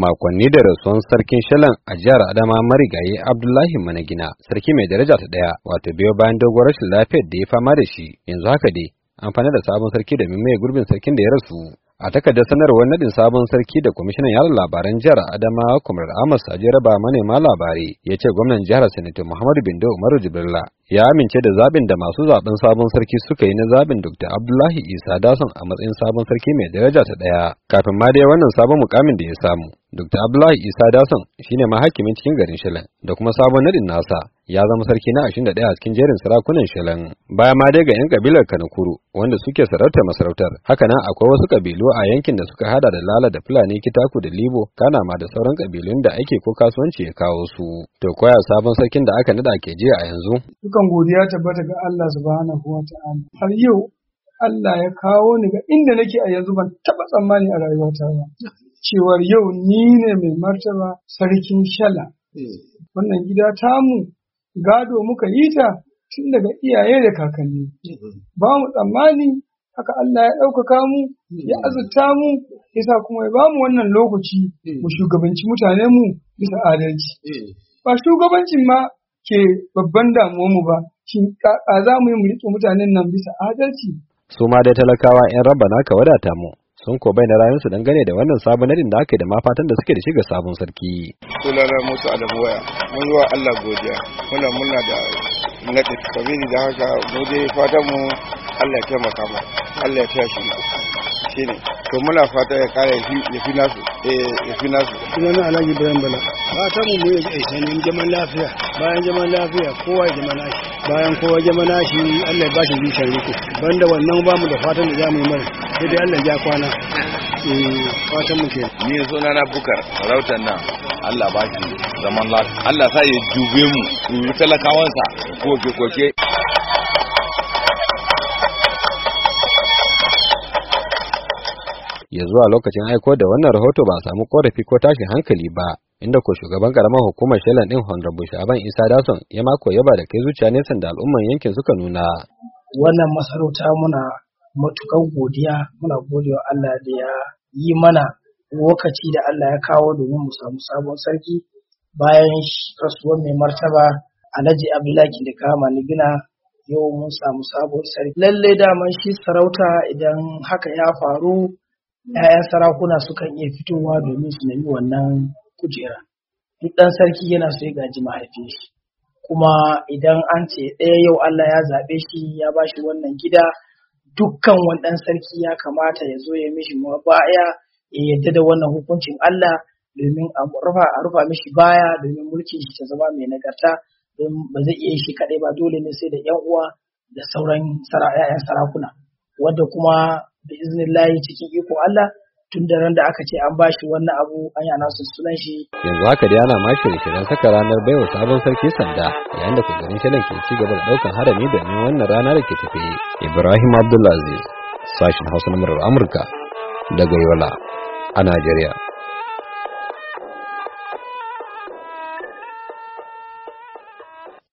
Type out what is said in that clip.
makonni da rasuwan sarkin shalan a jihar adama marigayi abdullahi managina sarki mai daraja ta daya wato biyo bayan doguwar rashin lafiyar da ya fama da shi yanzu haka dai amfani da sabon sarki da mai gurbin sarkin da ya rasu a takardar sanarwar nadin sabon sarki da kwamishinan yada labaran jihar adama kumar ahmad a raba manema labarai ya ce gwamnan jihar sanato muhammadu bindo umaru jibrila ya amince da zaɓin da masu zaɓen sabon sarki suka yi na zaɓin dr abdullahi isa dasan a matsayin sabon sarki mai daraja ta ɗaya, kafin ma dai wannan sabon mukamin da ya samu Dr. Abdullahi Isa Dasan shi ne mahakimin cikin garin Shilan da kuma sabon nadin nasa ya zama sarki na 21 a cikin jerin sarakunan Shilan. Baya ma dai ga 'yan kabilar Kanakuru wanda suke sarautar masarautar. Haka nan akwai wasu kabilu a yankin da suka hada da Lala da Fulani Kitaku da Libo kana ma da sauran kabilun da ake ko kasuwanci ya kawo su. To koya sabon sarkin da aka nada ke je a yanzu. Dukan godiya tabbata ga Allah subhanahu wa ta'ala. Har yau Allah ya kawo ni ga inda nake a yanzu ban taɓa tsammani a rayuwata ba. cewar yau ni ne mai martaba sarkin shala. Hmm. Wannan gida tamu gado muka yi ta tun daga iyaye da kakanni. Hmm. Ba mu tsammani haka Allah ya ɗaukaka mu, hmm. ya azurta mu, yasa kuma ya ba mu wannan lokaci mu shugabanci mutane mu bisa adalci. Ba shugabancin ma ke babban mu ba, shin za mu yi mu mutanen nan bisa adalci? Suma ma dai talakawa 'yan raba naka wadata mu. sun ko bayyana rayuwarsu dangane da wannan sabonarin da aka yi da fatan da suke da shiga sabon sarki. Sunana Musa Adamu Waya, mun yi wa Allah godiya, muna muna da naɗi, kabiri da haka gode fatan mu Allah ya taimaka mu, Allah ya taya shi shi ne. To muna fata ya kara ya fi nasu, eh, ya fi nasu. Sunana Alhaji Ibrahim Bala, fatan mu ya aisha ne zaman lafiya, bayan zaman lafiya kowa ya zama nashi, bayan kowa zama nashi Allah ya ba shi zuciyar riko, banda wannan ba mu da fatan da za mu yi mana. sai dai Allah ya kwana eh mu muke ni yanzu na bukar rautar nan Allah ba shi zaman lafiya Allah sa ya jube mu mu talakawansa koke koke ya zuwa lokacin aiko da wannan rahoto ba a samu korafi ko tashin hankali ba inda ko shugaban karamar hukumar shelan din honorable shaban isa dason ya mako yaba da kai zuciya nesan da al'umman yankin suka nuna wannan masarauta muna matuƙar godiya muna godewa Allah da ya yi mana lokaci da Allah ya kawo domin mu samu sabon sarki bayan rasuwar mai martaba Alhaji Abdullahi da kama ni gina yau mun samu sabon sarki lalle daman shi sarauta idan haka ya faru ‘ya'yan sarakuna sukan iya fitowa domin su nemi wannan kujera duk ɗan sarki yana so ya gaji mahaifin shi kuma idan an ce ɗaya eh, yau Allah ya zaɓe shi ya bashi wannan gida dukkan wannan sarki ya kamata ya zo ya mishi ma baya ya yadda da wannan hukuncin Allah domin a rufa a rufa mishi baya domin mulkin shi ta zama mai nagarta don ba zai iya shi kadai ba dole ne sai da yan uwa da sauran 'ya'yan sarakuna wanda kuma da iznillahi cikin iko Allah tun da ran da aka ce an bashi wannan abu an yana su sunan shi. Yanzu haka dai ana mashi shirin saka ranar baiwa sabon sarki sanda yayin da shugaban shirin ke ci gaba da ɗaukar harami domin wannan rana da ke tafi. Ibrahim Abdulaziz, sashen Hausa na Amurka daga Yola a Najeriya.